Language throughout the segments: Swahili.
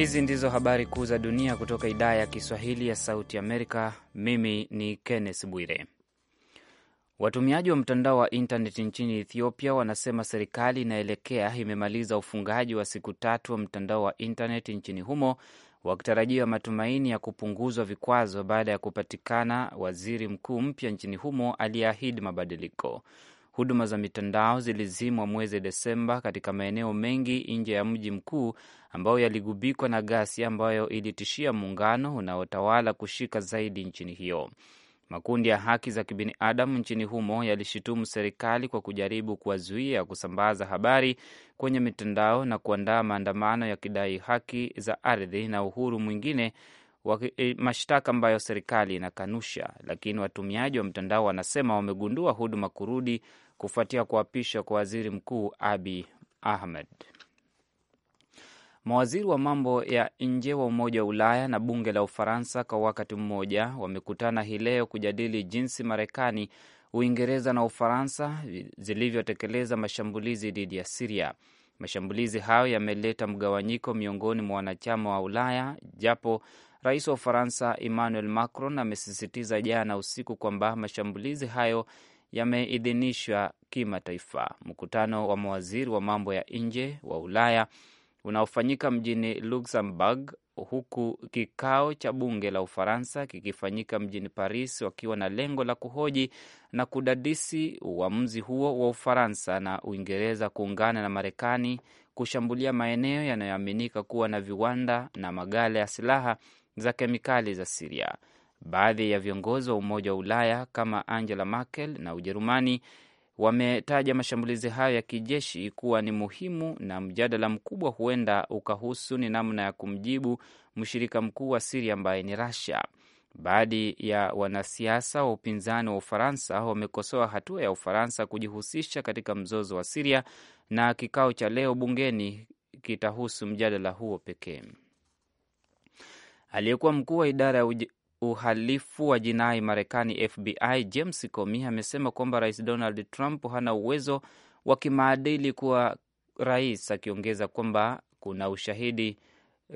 Hizi ndizo habari kuu za dunia kutoka idhaa ya Kiswahili ya Sauti Amerika. Mimi ni Kenneth Bwire. Watumiaji wa mtandao wa intaneti nchini Ethiopia wanasema serikali inaelekea imemaliza ufungaji wa siku tatu wa mtandao wa intaneti nchini humo wakitarajia matumaini ya kupunguzwa vikwazo baada ya kupatikana waziri mkuu mpya nchini humo aliyeahidi mabadiliko. Huduma za mitandao zilizimwa mwezi Desemba katika maeneo mengi nje ya mji mkuu ambayo yaligubikwa na ghasia ambayo ilitishia muungano unaotawala kushika zaidi nchini hiyo. Makundi ya haki za kibinadamu nchini humo yalishutumu serikali kwa kujaribu kuwazuia kusambaza habari kwenye mitandao na kuandaa maandamano ya kidai haki za ardhi na uhuru mwingine E, mashtaka ambayo serikali inakanusha, lakini watumiaji wa mtandao wanasema wamegundua huduma kurudi kufuatia kuapishwa kwa waziri mkuu Abi Ahmed. Mawaziri wa mambo ya nje wa Umoja wa Ulaya na bunge la Ufaransa kwa wakati mmoja wamekutana hii leo kujadili jinsi Marekani, Uingereza na Ufaransa zilivyotekeleza mashambulizi dhidi ya Siria. Mashambulizi hayo yameleta mgawanyiko miongoni mwa wanachama wa Ulaya, japo Rais wa Ufaransa Emmanuel Macron amesisitiza jana usiku kwamba mashambulizi hayo yameidhinishwa kimataifa. Mkutano wa mawaziri wa mambo ya nje wa Ulaya unaofanyika mjini Luxembourg, huku kikao cha bunge la Ufaransa kikifanyika mjini Paris, wakiwa na lengo la kuhoji na kudadisi uamuzi huo wa Ufaransa na Uingereza kuungana na Marekani kushambulia maeneo yanayoaminika kuwa na viwanda na magala ya silaha za kemikali za Siria. Baadhi ya viongozi wa Umoja wa Ulaya kama Angela Merkel na Ujerumani wametaja mashambulizi hayo ya kijeshi kuwa ni muhimu, na mjadala mkubwa huenda ukahusu ni namna ya kumjibu mshirika mkuu wa Siria ambaye ni rasia Baadhi ya wanasiasa wa upinzani wa Ufaransa wamekosoa hatua ya Ufaransa kujihusisha katika mzozo wa Siria, na kikao cha leo bungeni kitahusu mjadala huo pekee. Aliyekuwa mkuu wa idara ya uhalifu wa jinai Marekani, FBI, James Comey amesema kwamba Rais Donald Trump hana uwezo wa kimaadili kuwa rais, akiongeza kwamba kuna ushahidi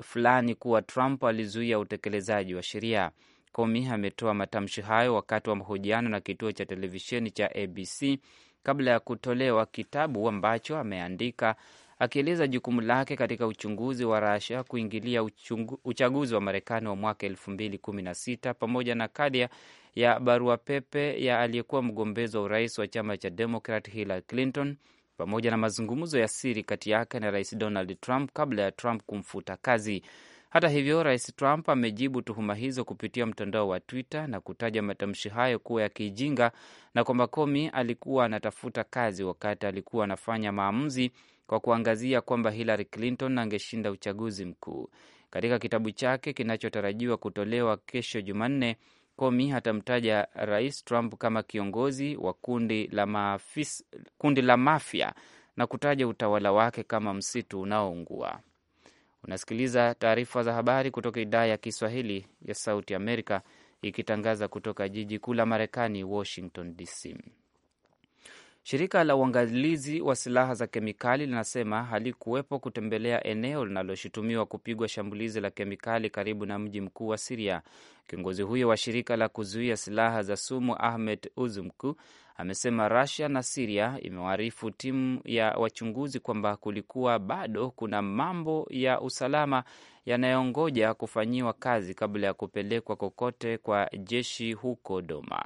fulani kuwa Trump alizuia utekelezaji wa sheria. Comey ametoa matamshi hayo wakati wa mahojiano na kituo cha televisheni cha ABC kabla ya kutolewa kitabu ambacho ameandika akieleza jukumu lake katika uchunguzi wa Russia kuingilia uchungu, uchaguzi wa Marekani wa mwaka elfu mbili kumi na sita pamoja na kadia ya barua pepe ya aliyekuwa mgombezi wa urais wa chama cha Demokrat Hillary Clinton pamoja na mazungumzo ya siri kati yake na rais Donald Trump kabla ya Trump kumfuta kazi. Hata hivyo, rais Trump amejibu tuhuma hizo kupitia mtandao wa Twitter na kutaja matamshi hayo kuwa ya kijinga na kwamba Comey alikuwa anatafuta kazi wakati alikuwa anafanya maamuzi kwa kuangazia kwamba Hillary Clinton angeshinda uchaguzi mkuu. Katika kitabu chake kinachotarajiwa kutolewa kesho Jumanne, Comey atamtaja Rais Trump kama kiongozi wa kundi la, maafis, kundi la mafia na kutaja utawala wake kama msitu unaoungua. Unasikiliza taarifa za habari kutoka idhaa ya Kiswahili ya Sauti Amerika, ikitangaza kutoka jiji kuu la Marekani, Washington DC. Shirika la uangalizi wa silaha za kemikali linasema halikuwepo kutembelea eneo linaloshutumiwa kupigwa shambulizi la kemikali karibu na mji mkuu wa Siria. Kiongozi huyo wa shirika la kuzuia silaha za sumu Ahmed Uzumku amesema rasia na Siria imewaarifu timu ya wachunguzi kwamba kulikuwa bado kuna mambo ya usalama yanayongoja kufanyiwa kazi kabla ya kupelekwa kokote kwa jeshi huko Doma.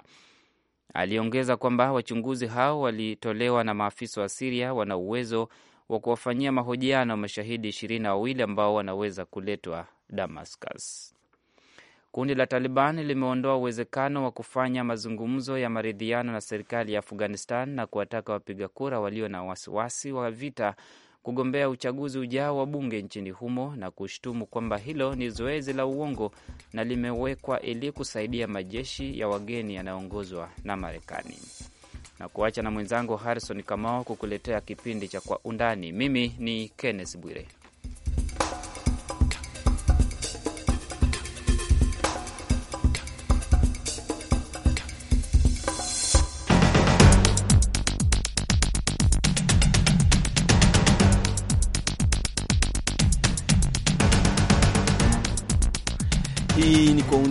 Aliongeza kwamba wachunguzi hao walitolewa na maafisa wa Siria wana uwezo wa kuwafanyia mahojiano mashahidi ishirini na wawili ambao wanaweza kuletwa Damascus. Kundi la Taliban limeondoa uwezekano wa kufanya mazungumzo ya maridhiano na serikali ya Afghanistan na kuwataka wapiga kura walio na wasiwasi wa vita kugombea uchaguzi ujao wa bunge nchini humo na kushtumu kwamba hilo ni zoezi la uongo na limewekwa ili kusaidia majeshi ya wageni yanayoongozwa na Marekani. Na kuacha na mwenzangu Harrison Kamao kukuletea kipindi cha Kwa Undani. Mimi ni Kenneth Bwire.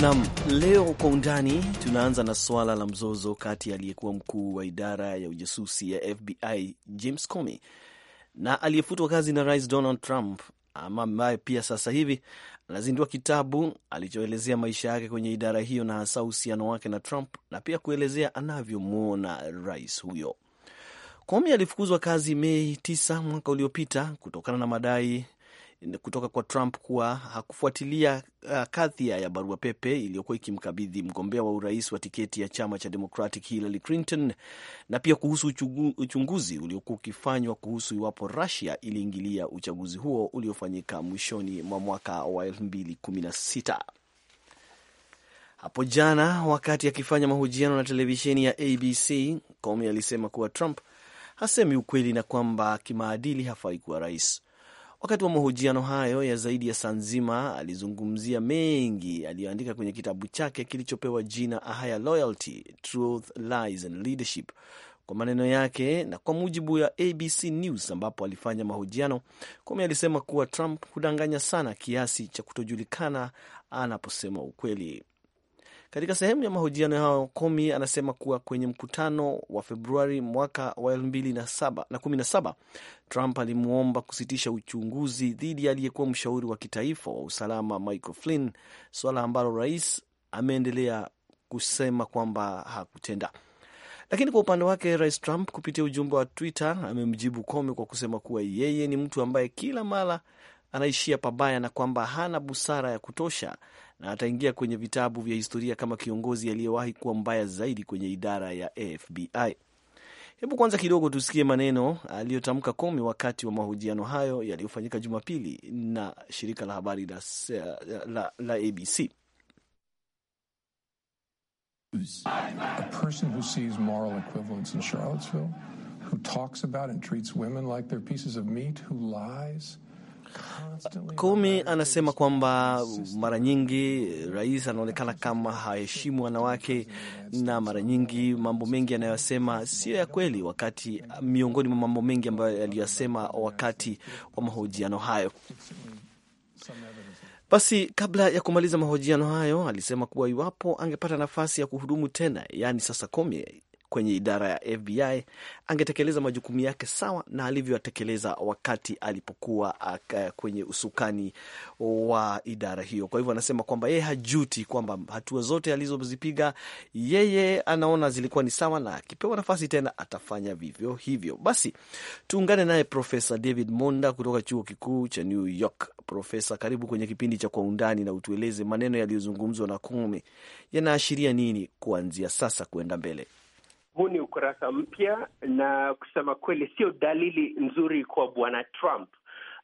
Nam, leo kwa undani tunaanza na suala la mzozo kati ya aliyekuwa mkuu wa idara ya ujasusi ya FBI James Comey na aliyefutwa kazi na Rais Donald Trump, ama ambaye pia sasa hivi anazindua kitabu alichoelezea maisha yake kwenye idara hiyo na hasa uhusiano wake na Trump na pia kuelezea anavyomwona rais huyo. Comey alifukuzwa kazi Mei 9 mwaka uliopita kutokana na madai kutoka kwa Trump kuwa hakufuatilia uh, kadhia ya barua pepe iliyokuwa ikimkabidhi mgombea wa urais wa tiketi ya chama cha Democratic Hillary Clinton na pia kuhusu uchunguzi uliokuwa ukifanywa kuhusu iwapo Russia iliingilia uchaguzi huo uliofanyika mwishoni mwa mwaka wa 2016. Hapo jana wakati akifanya mahojiano na televisheni ya ABC, Comey alisema kuwa Trump hasemi ukweli na kwamba kimaadili hafai kuwa rais. Wakati wa mahojiano hayo ya zaidi ya saa nzima, alizungumzia mengi aliyoandika kwenye kitabu chake kilichopewa jina A Higher Loyalty, Truth, Lies and Leadership kwa maneno yake na kwa mujibu ya ABC News ambapo alifanya mahojiano, Comey alisema kuwa Trump hudanganya sana kiasi cha kutojulikana anaposema ukweli. Katika sehemu ya mahojiano yao, Komi anasema kuwa kwenye mkutano wa Februari mwaka wa elfu mbili na kumi na saba Trump alimwomba kusitisha uchunguzi dhidi ya aliyekuwa mshauri wa kitaifa wa usalama Michael Flynn, suala ambalo rais ameendelea kusema kwamba hakutenda. Lakini kwa upande wake rais Trump kupitia ujumbe wa Twitter amemjibu Comey kwa kusema kuwa yeye ni mtu ambaye kila mara anaishia pabaya na kwamba hana busara ya kutosha na ataingia kwenye vitabu vya historia kama kiongozi aliyewahi kuwa mbaya zaidi kwenye idara ya FBI. Hebu kwanza kidogo tusikie maneno aliyotamka komi wakati wa mahojiano hayo yaliyofanyika Jumapili na shirika la habari la, la, la ABC. who talks about and treats women like they're pieces of meat, who lies Kumi anasema kwamba mara nyingi eh, rais anaonekana kama haheshimu wanawake na mara nyingi mambo mengi anayosema sio ya kweli, wakati miongoni mwa mambo mengi ambayo aliyosema wakati wa mahojiano hayo. Basi kabla ya kumaliza mahojiano hayo, alisema kuwa iwapo angepata nafasi ya kuhudumu tena, yaani sasa Komi kwenye idara ya FBI angetekeleza majukumu yake sawa na alivyoyatekeleza wakati alipokuwa uh, kwenye usukani wa idara hiyo. Kwa hivyo anasema kwamba yeye hajuti kwamba hatua zote alizozipiga yeye anaona zilikuwa ni sawa, na akipewa nafasi tena atafanya vivyo hivyo. Basi tuungane naye Profesa David Monda kutoka chuo kikuu cha New York. Profesa, karibu kwenye kipindi cha Kwa Undani na utueleze maneno yaliyozungumzwa na Comey yanaashiria nini kuanzia sasa kuenda mbele huu ni ukurasa mpya, na kusema kweli sio dalili nzuri kwa bwana Trump.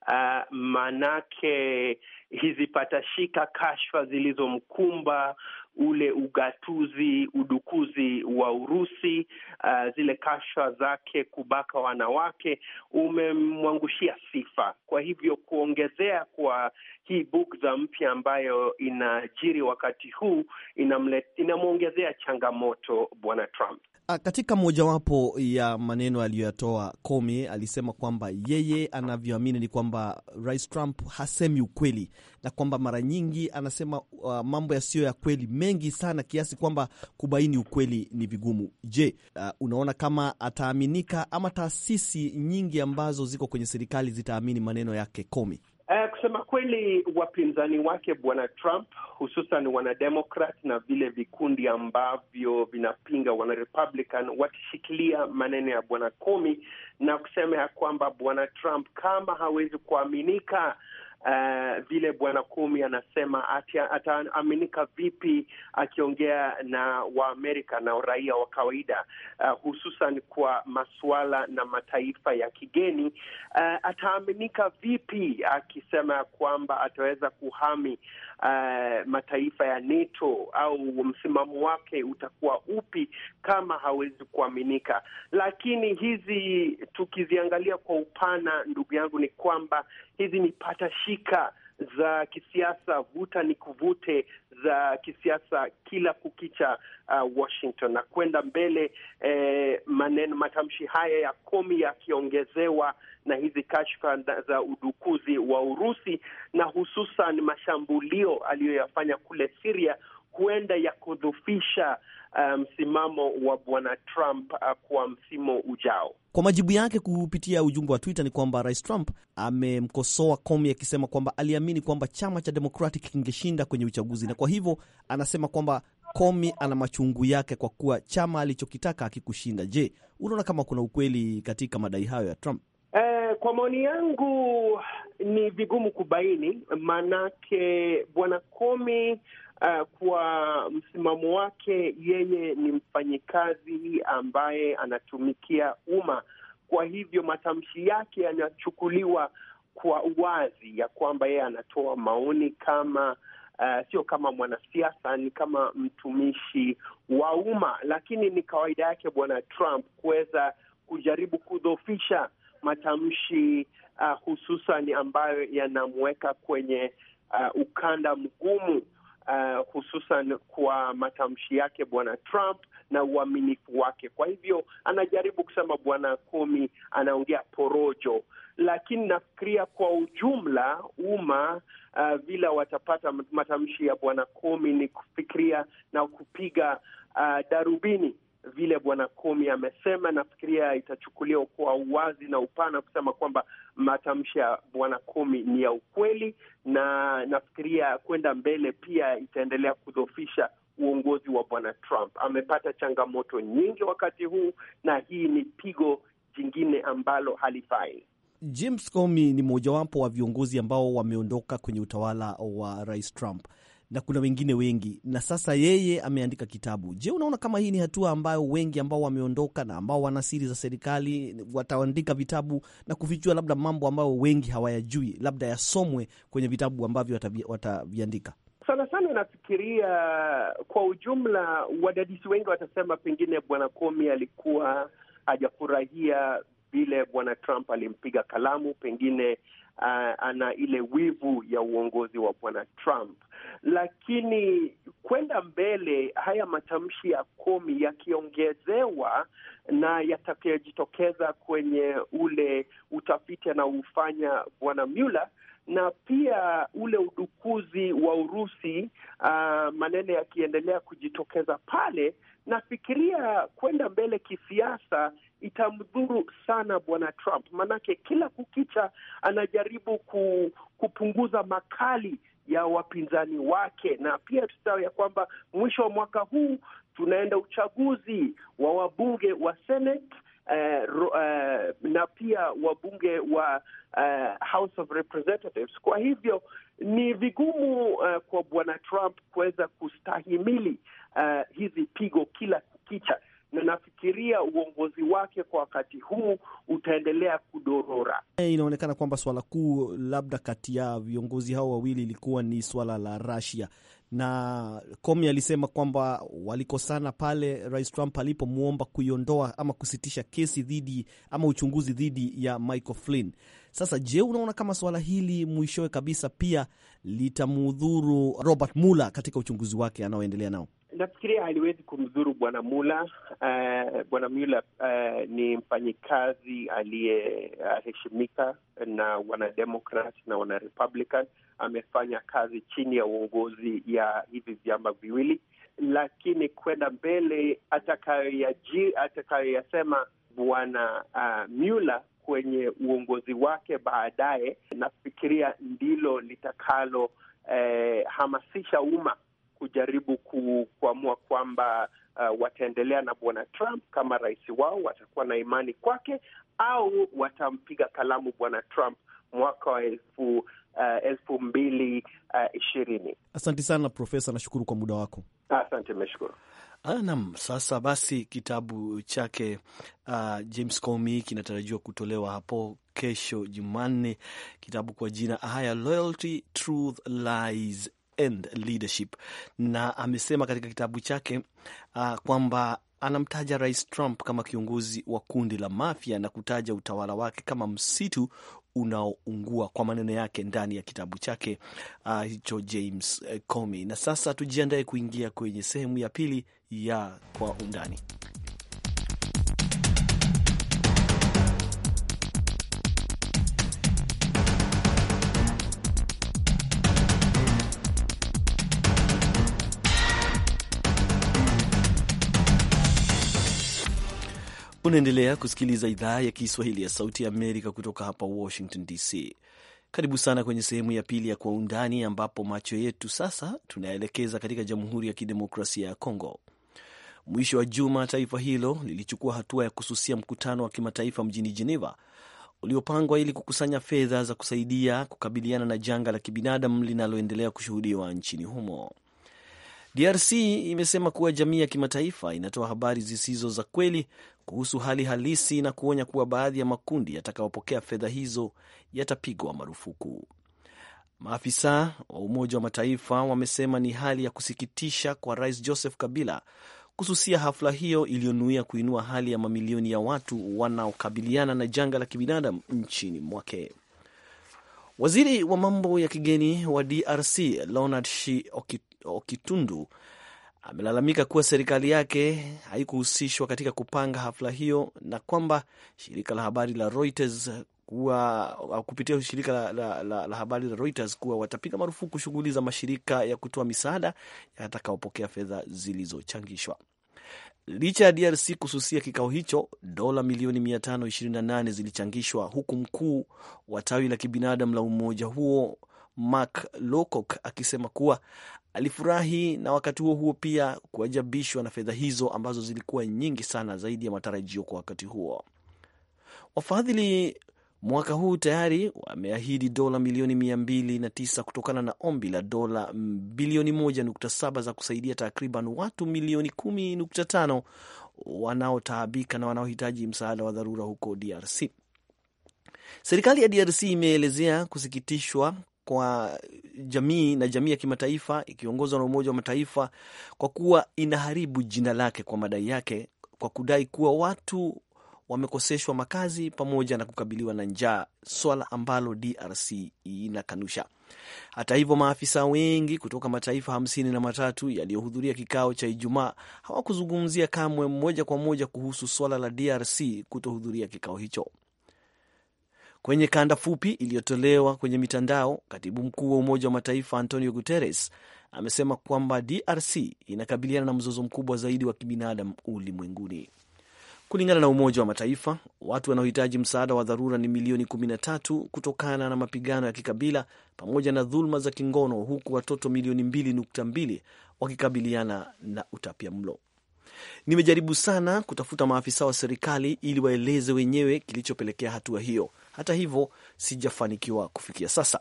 Uh, maanake hizi patashika, kashfa zilizomkumba, ule ugatuzi, udukuzi wa Urusi, uh, zile kashfa zake kubaka wanawake umemwangushia sifa. Kwa hivyo kuongezea kwa hii bugza mpya ambayo inajiri wakati huu inamwongezea changamoto bwana Trump. Ah, katika mojawapo ya maneno aliyoyatoa Comey alisema kwamba yeye anavyoamini ni kwamba Rais Trump hasemi ukweli na kwamba mara nyingi anasema uh, mambo yasiyo ya kweli mengi sana kiasi kwamba kubaini ukweli ni vigumu. Je, uh, unaona kama ataaminika ama taasisi nyingi ambazo ziko kwenye serikali zitaamini maneno yake Comey? Kusema kweli, wapinzani wake bwana Trump, hususan wanademokrat na vile vikundi ambavyo vinapinga wanarepublican, wakishikilia maneno ya bwana Comey na kusema ya kwamba bwana Trump kama hawezi kuaminika Eh, vile bwana Kumi anasema ataaminika vipi akiongea na Waamerika na raia wa kawaida uh, hususan kwa masuala na mataifa ya kigeni uh, ataaminika vipi akisema kwamba ataweza kuhami uh, mataifa ya NATO au msimamo wake utakuwa upi kama hawezi kuaminika. Lakini hizi tukiziangalia kwa upana, ndugu yangu, ni kwamba hizi ni patashika za kisiasa, vuta ni kuvute za kisiasa kila kukicha uh, Washington na kwenda mbele. Eh, maneno matamshi haya ya Komi yakiongezewa na hizi kashfa za udukuzi wa Urusi na hususan mashambulio aliyoyafanya kule Siria huenda yakudhufisha uh, msimamo um, wa bwana Trump uh, kwa msimo ujao. Kwa majibu yake kupitia ujumbe wa Twitter ni kwamba rais Trump amemkosoa Comey akisema kwamba aliamini kwamba chama cha Democratic kingeshinda kwenye uchaguzi, na kwa hivyo anasema kwamba Comey ana machungu yake kwa kuwa chama alichokitaka akikushinda Je, unaona kama kuna ukweli katika madai hayo ya Trump? Eh, kwa maoni yangu ni vigumu kubaini, maanake bwana Comey uh, kwa msimamo wake yeye ni mfanyikazi ambaye anatumikia umma. Kwa hivyo matamshi yake yanachukuliwa kwa uwazi ya kwamba yeye anatoa maoni kama Uh, sio kama mwanasiasa, ni kama mtumishi wa umma, lakini ni kawaida yake Bwana Trump kuweza kujaribu kudhofisha matamshi uh, hususan ambayo yanamweka kwenye uh, ukanda mgumu uh, hususan kwa matamshi yake Bwana Trump na uaminifu wake. Kwa hivyo anajaribu kusema Bwana Komi anaongea porojo, lakini nafikiria kwa ujumla umma uh, vile watapata matamshi ya Bwana Komi ni kufikiria na kupiga uh, darubini vile Bwana Kumi amesema, nafikiria itachukuliwa kwa uwazi na upana kusema kwamba matamshi ya Bwana Kumi ni ya ukweli, na nafikiria kwenda mbele pia itaendelea kudhofisha uongozi wa Bwana Trump. Amepata changamoto nyingi wakati huu, na hii ni pigo jingine ambalo halifai. James Comey ni mojawapo wa viongozi ambao wameondoka kwenye utawala wa Rais Trump na kuna wengine wengi, na sasa yeye ameandika kitabu. Je, unaona kama hii ni hatua ambayo wengi ambao wameondoka na ambao wana siri za serikali wataandika vitabu na kufichua labda mambo ambayo wengi hawayajui, labda yasomwe kwenye vitabu ambavyo wataviandika? Sana sana nafikiria kwa ujumla, wadadisi wengi watasema pengine Bwana Komi alikuwa hajafurahia vile Bwana Trump alimpiga kalamu, pengine uh, ana ile wivu ya uongozi wa bwana Trump. Lakini kwenda mbele, haya matamshi ya Komi yakiongezewa na yatakayojitokeza kwenye ule utafiti anaoufanya bwana Mueller na pia ule udukuzi wa Urusi uh, maneno yakiendelea kujitokeza pale, nafikiria kwenda mbele kisiasa itamdhuru sana bwana Trump, maanake kila kukicha anajaribu ku, kupunguza makali ya wapinzani wake, na pia tusahau ya kwamba mwisho wa mwaka huu tunaenda uchaguzi wa wabunge wa Senate eh, uh, na pia wabunge wa uh, House of Representatives. Kwa hivyo ni vigumu uh, kwa bwana Trump kuweza kustahimili uh, hizi pigo kila kukicha, na nafikiria uongozi wake kwa wakati huu utaendelea kudorora. Hey, inaonekana kwamba swala kuu labda kati ya viongozi hao wawili ilikuwa ni swala la Russia na Comey alisema kwamba walikosana pale Rais Trump alipomwomba kuiondoa ama kusitisha kesi dhidi ama uchunguzi dhidi ya Michael Flynn. Sasa je, unaona kama suala hili mwishowe kabisa pia litamudhuru Robert Mueller katika uchunguzi wake anaoendelea nao? Nafikiria haliwezi kumdhuru bwana Mula. Uh, eh, bwana Mula uh, eh, ni mfanyikazi aliyeheshimika uh, na wanademokrat na wanarepublican amefanya kazi chini ya uongozi ya hivi vyama viwili, lakini kwenda mbele atakayoyasema bwana uh, Mueller kwenye uongozi wake baadaye, nafikiria ndilo litakalohamasisha eh, umma kujaribu kuamua kwamba uh, wataendelea na bwana Trump kama rais wao, watakuwa na imani kwake au watampiga kalamu bwana Trump mwaka wa elfu uh, elfu mbili uh, ishirini. asante sana Profesa, nashukuru kwa muda wako. Asante, nimeshukuru. Ah, naam, sasa basi kitabu chake uh, James Comey kinatarajiwa kutolewa hapo kesho Jumanne, kitabu kwa jina haya Loyalty, Truth, Lies and Leadership, na amesema katika kitabu chake uh, kwamba anamtaja Rais Trump kama kiongozi wa kundi la mafia na kutaja utawala wake kama msitu unaoungua, kwa maneno yake ndani ya kitabu chake uh, hicho James uh, Comey. Na sasa tujiandae kuingia kwenye sehemu ya pili ya kwa undani. Unaendelea kusikiliza idhaa ya Kiswahili ya Sauti ya Amerika kutoka hapa Washington DC. Karibu sana kwenye sehemu ya pili ya Kwa Undani, ambapo macho yetu sasa tunaelekeza katika Jamhuri ya Kidemokrasia ya Kongo. Mwisho wa juma, taifa hilo lilichukua hatua ya kususia mkutano wa kimataifa mjini Geneva uliopangwa ili kukusanya fedha za kusaidia kukabiliana na janga la kibinadamu linaloendelea kushuhudiwa nchini humo. DRC imesema kuwa jamii ya kimataifa inatoa habari zisizo za kweli kuhusu hali halisi na kuonya kuwa baadhi ya makundi yatakayopokea fedha hizo yatapigwa marufuku. Maafisa wa Umoja wa Mataifa wamesema ni hali ya kusikitisha kwa Rais Joseph Kabila kususia hafla hiyo iliyonuia kuinua hali ya mamilioni ya watu wanaokabiliana na janga la kibinadamu nchini mwake. Waziri wa mambo ya kigeni wa DRC Leonard Shi Okitundu amelalamika kuwa serikali yake haikuhusishwa katika kupanga hafla hiyo na kwamba shirika la habari la Reuters kuwa kupitia shirika la, la, la, la habari la Reuters kuwa watapiga marufuku shughuli za mashirika ya kutoa misaada yatakaopokea fedha zilizochangishwa. Licha ya DRC kususia kikao hicho, dola milioni 528 zilichangishwa huku mkuu wa tawi la kibinadamu la umoja huo Mark Lowcock akisema kuwa alifurahi na wakati huo huo pia kuajabishwa na fedha hizo ambazo zilikuwa nyingi sana zaidi ya matarajio kwa wakati huo. Wafadhili mwaka huu tayari wameahidi dola milioni tisa kutokana na ombi la dola bilioni saba za kusaidia takriban watu milioni tano wanaotaabika na wanaohitaji msaada wa dharura huko DRC. Serikali ya DRC imeelezea kusikitishwa kwa jamii na jamii ya kimataifa ikiongozwa na Umoja wa Mataifa kwa kuwa inaharibu jina lake kwa madai yake kwa kudai kuwa watu wamekoseshwa makazi pamoja na kukabiliwa na njaa, swala ambalo DRC inakanusha. Hata hivyo, maafisa wengi kutoka mataifa hamsini na matatu yaliyohudhuria kikao cha Ijumaa hawakuzungumzia kamwe moja kwa moja kuhusu swala la DRC kutohudhuria kikao hicho. Kwenye kanda fupi iliyotolewa kwenye mitandao, katibu mkuu wa Umoja wa Mataifa Antonio Guterres amesema kwamba DRC inakabiliana na mzozo mkubwa zaidi wa kibinadamu ulimwenguni. Kulingana na Umoja wa Mataifa, watu wanaohitaji msaada wa dharura ni milioni 13 kutokana na mapigano ya kikabila pamoja na dhuluma za kingono, huku watoto milioni 2.2 wakikabiliana na utapia mlo. Nimejaribu sana kutafuta maafisa wa serikali ili waeleze wenyewe kilichopelekea hatua hiyo, hata hivyo sijafanikiwa kufikia sasa.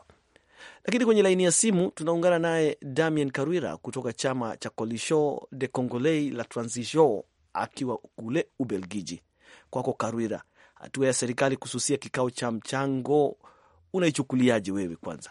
Lakini kwenye laini ya simu tunaungana naye Damien Karwira kutoka chama cha Coalition de Congolais la Transition akiwa kule Ubelgiji. Kwako Karwira, hatua ya serikali kususia kikao cha mchango unaichukuliaje wewe? Kwanza,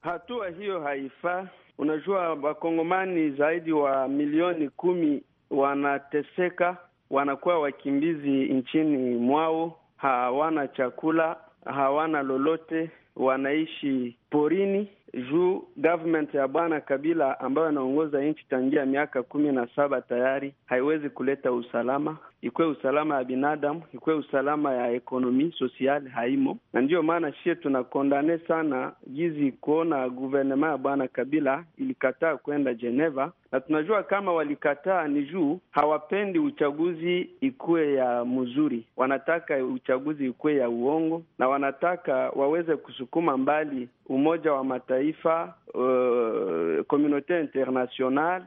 hatua hiyo haifaa. Unajua, wakongomani zaidi wa milioni kumi wanateseka, wanakuwa wakimbizi nchini mwao hawana chakula, hawana lolote, wanaishi porini juu government ya Bwana Kabila ambayo anaongoza nchi tangia miaka kumi na saba tayari haiwezi kuleta usalama, ikuwe usalama ya binadamu, ikuwe usalama ya ekonomi sosial haimo, na ndiyo maana shie tunakondane sana jizi kuona guvernema ya bwana Kabila ilikataa kwenda Geneva, na tunajua kama walikataa ni juu hawapendi uchaguzi ikuwe ya mzuri, wanataka uchaguzi ikuwe ya uongo, na wanataka waweze kusukuma mbali Umoja wa Mataifa, uh, komunote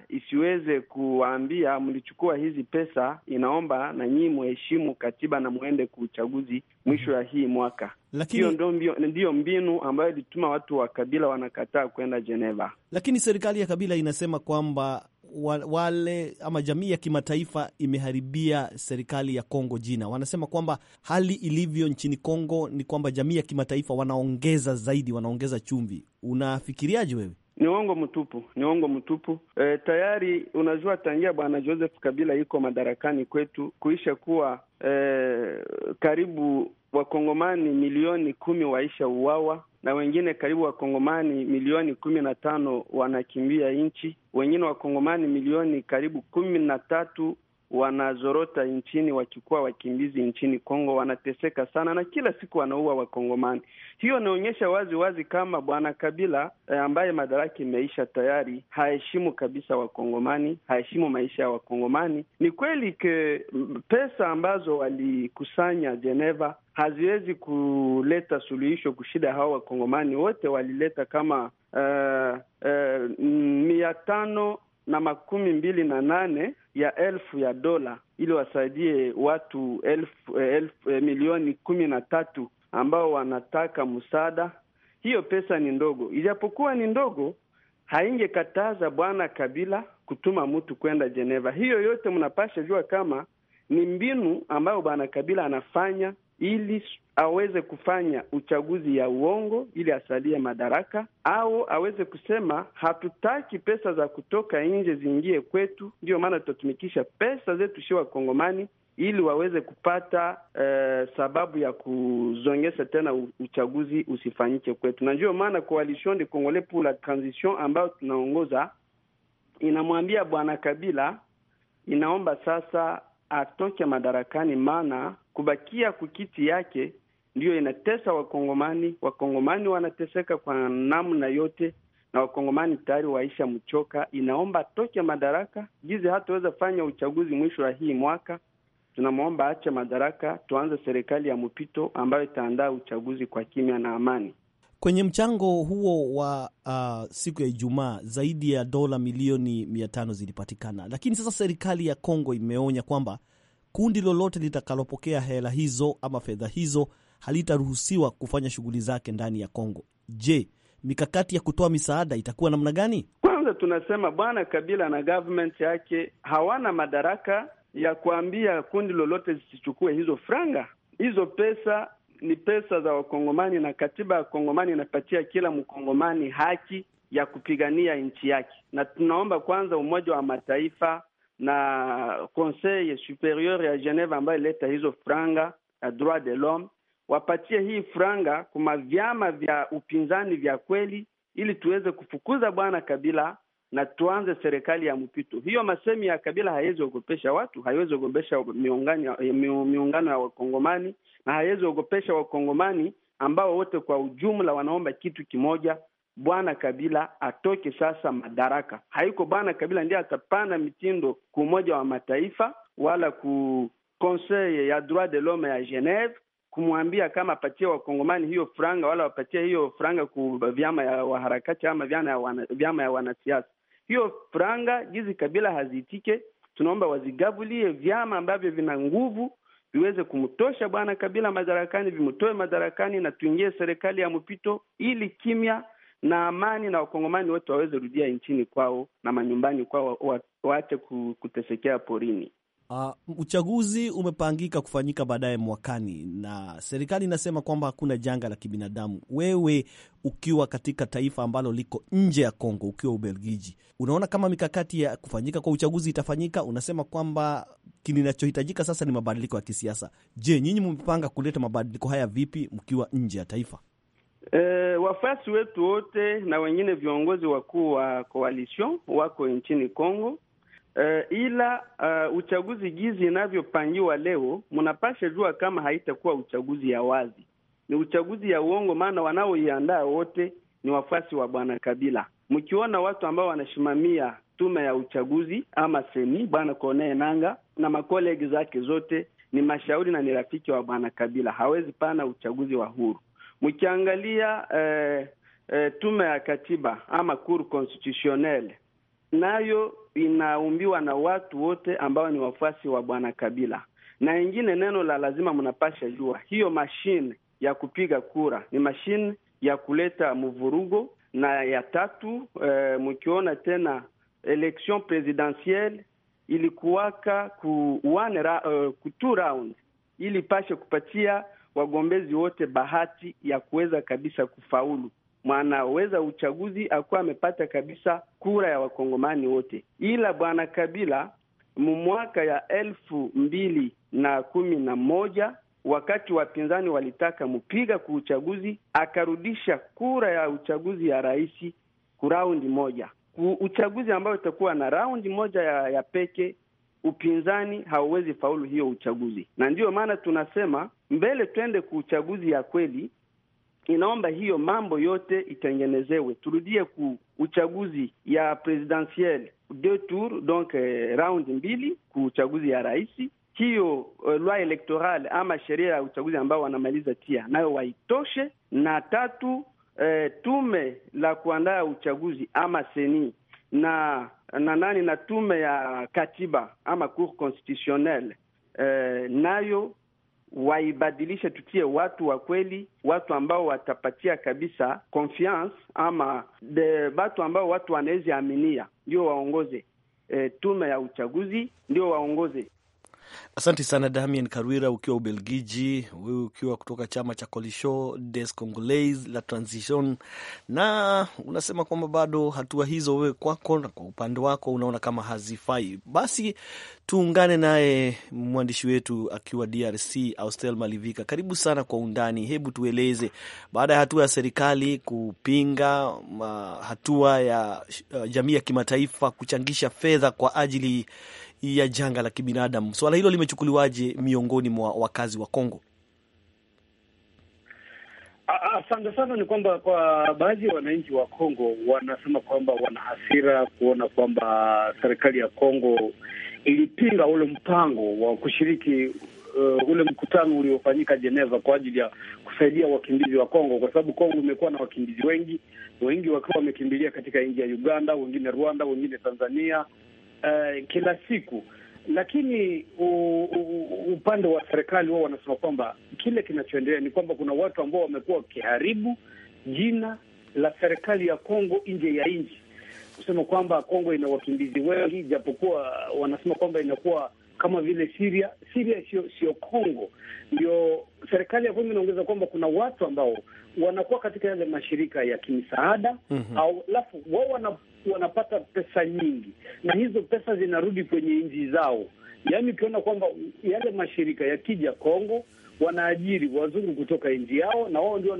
isiweze kuwaambia mlichukua hizi pesa, inaomba na nyinyi muheshimu katiba na muende kuuchaguzi mwisho ya hii mwaka. Lakini hiyo mbinu ambayo ilituma watu wa Kabila wanakataa kwenda Geneva. Lakini serikali ya Kabila inasema kwamba wale ama jamii ya kimataifa imeharibia serikali ya Kongo jina. Wanasema kwamba hali ilivyo nchini Kongo ni kwamba jamii ya kimataifa wanaongeza zaidi, wanaongeza chumvi. Unafikiriaje wewe? Ni uongo mtupu, ni uongo mtupu. E, tayari unajua tangia bwana Joseph Kabila iko madarakani kwetu kuisha kuwa e, karibu wakongomani milioni kumi waisha uwawa na wengine karibu wakongomani milioni kumi na tano wanakimbia nchi, wengine wakongomani milioni karibu kumi na tatu wanazorota nchini wakikuwa wakimbizi nchini Kongo, wanateseka sana na kila siku wanaua Wakongomani. Hiyo inaonyesha wazi wazi kama bwana Kabila eh, ambaye madaraki imeisha tayari haheshimu kabisa Wakongomani, haheshimu maisha ya Wakongomani. Ni kweli ke pesa ambazo walikusanya Geneva haziwezi kuleta suluhisho kushida hao Wakongomani wote walileta kama uh, uh, mia tano na makumi mbili na nane ya elfu ya dola ili wasaidie watu elfu, eh, elfu, eh, milioni kumi na tatu ambao wanataka msaada. Hiyo pesa ni ndogo, ijapokuwa ni ndogo haingekataza Bwana Kabila kutuma mtu kwenda Geneva. Hiyo yote mnapasha jua kama ni mbinu ambayo Bwana Kabila anafanya ili aweze kufanya uchaguzi ya uongo ili asalie madaraka, au aweze kusema hatutaki pesa za kutoka nje ziingie kwetu, ndiyo maana tutatumikisha pesa zetu sio Wakongomani, ili waweze kupata uh, sababu ya kuzongesha tena uchaguzi usifanyike kwetu. Na ndiyo maana Coalition de Congolais pour la Transition ambayo tunaongoza inamwambia Bwana Kabila, inaomba sasa atoke madarakani, maana kubakia kukiti yake ndiyo inatesa Wakongomani. Wakongomani wanateseka kwa namna yote, na wakongomani tayari waisha mchoka. Inaomba atoke madaraka, jizi hataweza fanya uchaguzi mwisho wa hii mwaka. Tunamwomba ache madaraka, tuanze serikali ya mpito ambayo itaandaa uchaguzi kwa kimya na amani. Kwenye mchango huo wa uh, siku ya Ijumaa zaidi ya dola milioni mia tano zilipatikana, lakini sasa serikali ya Kongo imeonya kwamba kundi lolote litakalopokea hela hizo ama fedha hizo halitaruhusiwa kufanya shughuli zake ndani ya Kongo. Je, mikakati ya kutoa misaada itakuwa namna gani? Kwanza tunasema bwana Kabila na government yake hawana madaraka ya kuambia kundi lolote zisichukue hizo franga. Hizo pesa ni pesa za Wakongomani na katiba ya Kongomani inapatia kila Mkongomani haki ya kupigania nchi yake, na tunaomba kwanza Umoja wa Mataifa na Conseil Superieur ya Geneva ambayo ileta hizo franga ya droit de l'homme wapatie hii franga kuma vyama vya upinzani vya kweli, ili tuweze kufukuza bwana Kabila na tuanze serikali ya mpito. Hiyo masemi ya Kabila haiwezi kuogopesha watu, haiwezi kuogopesha miungano ya Wakongomani na hawezi ogopesha Wakongomani ambao wote kwa ujumla wanaomba kitu kimoja, Bwana Kabila atoke sasa madaraka. Haiko Bwana Kabila ndiye atapana mitindo ku Umoja wa Mataifa wala ku Conseil ya Droit de l'Homme ya Geneve kumwambia kama apatie wakongomani hiyo franga wala wapatie hiyo franga ku vyama ya waharakati ama vyama ya, wana, vyama ya wanasiasa. Hiyo franga jizi Kabila hazitike, tunaomba wazigavulie vyama ambavyo vina nguvu viweze kumtosha Bwana Kabila madarakani, vimtoe madarakani na tuingie serikali ya mpito, ili kimya na amani na wakongomani wote waweze rudia nchini kwao na manyumbani kwao, waache kutesekea porini. Uh, uchaguzi umepangika kufanyika baadaye mwakani na serikali inasema kwamba hakuna janga la kibinadamu. Wewe ukiwa katika taifa ambalo liko nje ya Kongo, ukiwa Ubelgiji, unaona kama mikakati ya kufanyika kwa uchaguzi itafanyika? Unasema kwamba kinachohitajika sasa ni mabadiliko ya kisiasa. Je, nyinyi mmepanga kuleta mabadiliko haya vipi mkiwa nje ya taifa? E, eh, wafasi wetu wote na wengine viongozi wakuu wa coalition wako nchini Kongo Uh, ila uh, uchaguzi gizi inavyopangiwa leo, mnapasha jua kama haitakuwa uchaguzi ya wazi, ni uchaguzi ya uongo, maana wanaoiandaa wote ni wafuasi wa bwana Kabila. Mkiona watu ambao wanasimamia tume ya uchaguzi ama seni, bwana Corneille Nanga na makolegi zake zote ni mashauri na ni rafiki wa bwana Kabila, hawezi pana uchaguzi wa huru. Mkiangalia uh, uh, tume ya katiba ama cour constitutionnelle nayo inaumbiwa na watu wote ambao ni wafuasi wa bwana Kabila. Na ingine neno la lazima mnapasha jua, hiyo mashine ya kupiga kura ni mashine ya kuleta mvurugo. Na ya tatu e, mkiona tena election presidentielle ilikuwaka ku one ra, uh, ku two round ili pashe kupatia wagombezi wote bahati ya kuweza kabisa kufaulu mwanaweza uchaguzi akuwa amepata kabisa kura ya wakongomani wote, ila bwana Kabila mwaka ya elfu mbili na kumi na moja wakati wapinzani walitaka mpiga uchaguzi akarudisha kura ya uchaguzi ya rais kuraundi moja ku uchaguzi ambayo itakuwa na raundi moja ya, ya peke upinzani hauwezi faulu hiyo uchaguzi, na ndiyo maana tunasema mbele twende uchaguzi ya kweli inaomba hiyo mambo yote itengenezewe, turudie ku uchaguzi ya presidentiel deux tours, donc eh, round mbili ku uchaguzi ya rais hiyo uh, eh, lwa electoral ama sheria ya uchaguzi ambao wanamaliza tia nayo waitoshe. Na tatu eh, tume la kuandaa uchaguzi ama seni na na nani na tume ya katiba ama cour constitutionnelle eh, nayo waibadilishe, tutie watu wa kweli, watu ambao watapatia kabisa confiance ama de, watu ambao watu wanaweza aminia, ndio waongoze e, tume ya uchaguzi, ndio waongoze Asante sana damien Karwira ukiwa Ubelgiji, wewe ukiwa kutoka chama cha Coalition des Congolais la Transition, na unasema kwamba bado hatua hizo wewe kwako na kwa upande wako unaona kama hazifai. Basi tuungane naye mwandishi wetu akiwa DRC, Austel Malivika. Karibu sana kwa undani. Hebu tueleze, baada ya hatua ya serikali kupinga hatua ya uh, jamii ya kimataifa kuchangisha fedha kwa ajili ya janga la kibinadamu. Swala hilo limechukuliwaje miongoni mwa wakazi wa Kongo? Asante sana. Ni kwamba kwa baadhi ya wananchi wa Kongo wanasema kwamba wana hasira kuona kwamba serikali ya Kongo ilipinga ule mpango wa kushiriki uh, ule mkutano uliofanyika Geneva kwa ajili ya kusaidia wakimbizi wa Kongo, kwa sababu Kongo imekuwa na wakimbizi wengi, wengi wakiwa wamekimbilia katika nchi ya Uganda, wengine Rwanda, wengine Tanzania, uh, kila siku, lakini u, u, upande wa serikali wao wanasema kwamba kile kinachoendelea ni kwamba kuna watu ambao wamekuwa wakiharibu jina la serikali ya Kongo nje ya nchi, kusema kwamba Kongo ina wakimbizi wengi, japokuwa wanasema kwamba inakuwa kama vile Syria. Syria sio sio Kongo. Ndio serikali ya Kongo inaongeza kwamba kuna watu ambao wanakuwa katika yale mashirika ya kimsaada mm -hmm. au alafu wao wana, wanapata pesa nyingi na hizo pesa zinarudi kwenye nchi zao, yaani ukiona kwamba yale mashirika yakija Kongo wanaajiri wazungu kutoka nchi yao, na wao ndio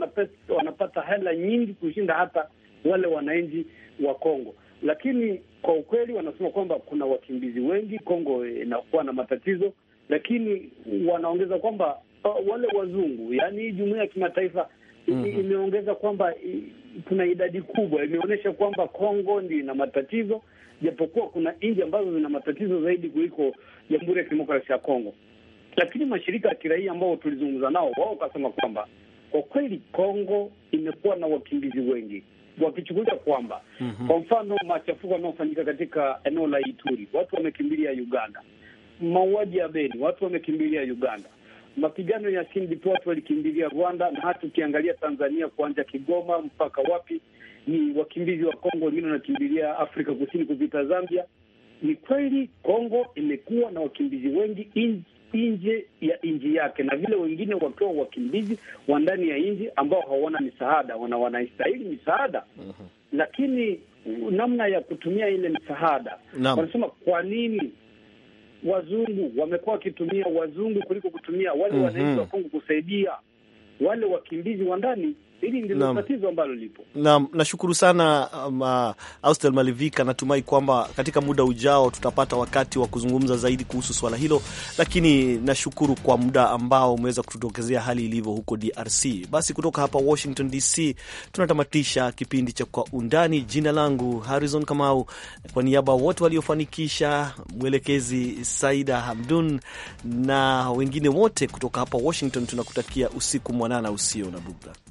wanapata hela nyingi kushinda hata wale wananchi wa Kongo lakini kwa ukweli wanasema kwamba kuna wakimbizi wengi, Kongo inakuwa na matatizo, lakini wanaongeza kwamba uh, wale wazungu, yaani hii jumuia ya kimataifa mm -hmm. imeongeza kwamba kuna idadi kubwa, imeonyesha kwamba Kongo ndio ina matatizo, japokuwa kuna nchi ambazo zina matatizo zaidi kuliko Jamhuri ya Kidemokrasia ya Kongo. Lakini mashirika ya kiraia ambao tulizungumza nao, wao wakasema kwamba kwa kweli Kongo imekuwa na wakimbizi wengi wakichukulia kwamba mm -hmm. Kwa mfano machafuko yanayofanyika katika eneo la Ituri, watu wamekimbilia Uganda. Mauaji ya Beni, watu wamekimbilia Uganda. Mapigano ya Sindi, watu walikimbilia Rwanda, na hata ukiangalia Tanzania, kuanja Kigoma mpaka wapi, ni wakimbizi wa Kongo, wengine wanakimbilia Afrika Kusini kupita Zambia. Ni kweli Kongo imekuwa na wakimbizi wengi nje ya nchi yake, na vile wengine wakiwa wakimbizi wa ndani ya nchi ambao hawana misaada, wana wanaistahili misaada uh mhm. -huh. Lakini namna ya kutumia ile misaada wanasema, kwa nini wazungu wamekuwa wakitumia wazungu kuliko kutumia wale mhm. wananchi wa Kongo kusaidia wale wakimbizi wa ndani Hili ndilo tatizo ambalo lipo. Naam, nashukuru sana um, uh, Austel Malivika. Natumai kwamba katika muda ujao tutapata wakati wa kuzungumza zaidi kuhusu swala hilo, lakini nashukuru kwa muda ambao umeweza kututokezea hali ilivyo huko DRC. Basi kutoka hapa Washington DC tunatamatisha kipindi cha Kwa Undani. Jina langu Harrison Kamau, kwa niaba wote waliofanikisha, mwelekezi Saida Hamdun na wengine wote, kutoka hapa Washington tunakutakia usiku mwanana usio na bughudha.